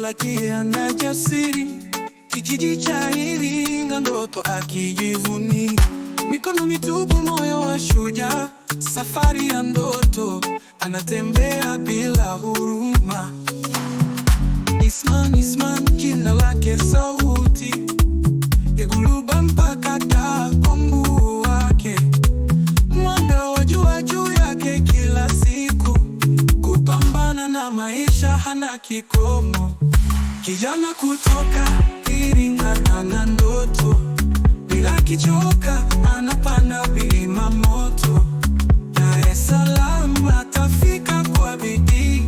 Melakia na jasiri, kijiji cha Iringa, ndoto akijivunia, mikono mitupu, moyo wa shujaa, safari ya ndoto, anatembea bila huruma. Isman, Isman jina lake, sauti ya mpaka taa wake, mwanga wa jua juu yake, kila siku kupambana na maisha hana kikomo. Kijana kutoka Iringa ana ndoto, bila kichoka anapanda milima moto. Dar es Salaam atafika kwa bidii,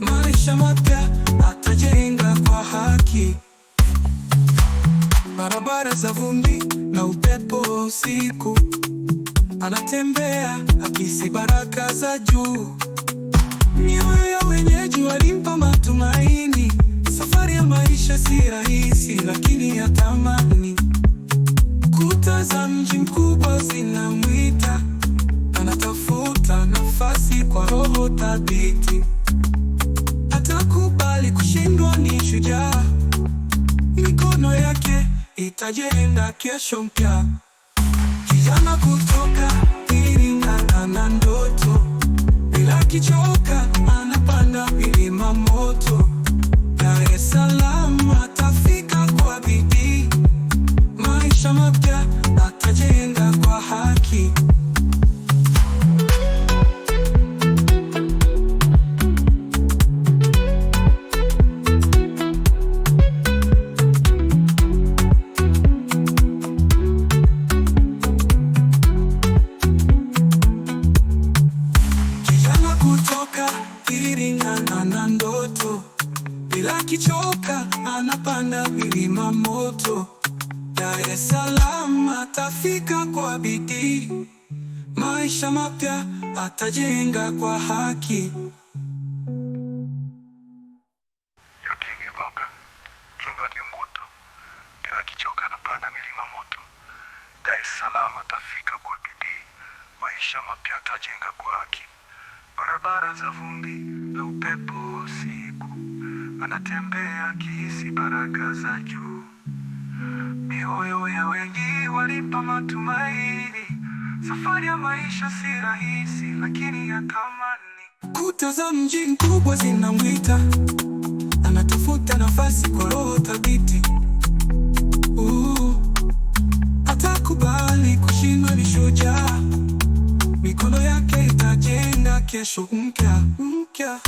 maisha mapya atajenga kwa haki. Barabara za vumbi na upepo wa usiku, anatembea akisi baraka za juu mwenyeji walimpa matumaini. Safari ya maisha si rahisi, lakini ya thamani. Kuta za mji mkubwa zinamwita, anatafuta nafasi kwa roho thabiti. Atakubali kushindwa, ni shujaa. Mikono yake itajenga kesho mpya. Kijana kutoka Iringa ana ndoto bila kichoka. Panda milima moto Dar es Salaam akichoka anapanda milima moto. Dar es Salaam atafika kwa bidii, maisha mapya atajenga kwa haki. Maisha mapya atajenga kwa haki. Barabara za vumbi na upepo si anatembea kihisi baraka za juu. Mioyo ya wengi walipa matumaini. Safari ya maisha si rahisi, lakini ya thamani. Kuta za mji mkubwa zinamwita, anatafuta nafasi kwa roho thabiti. Atakubali kushindwa, ni shujaa. Mikono yake itajenga kesho mpya mpya.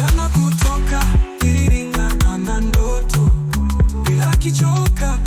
Kijana kutoka Iringa ana ndoto bila kichoka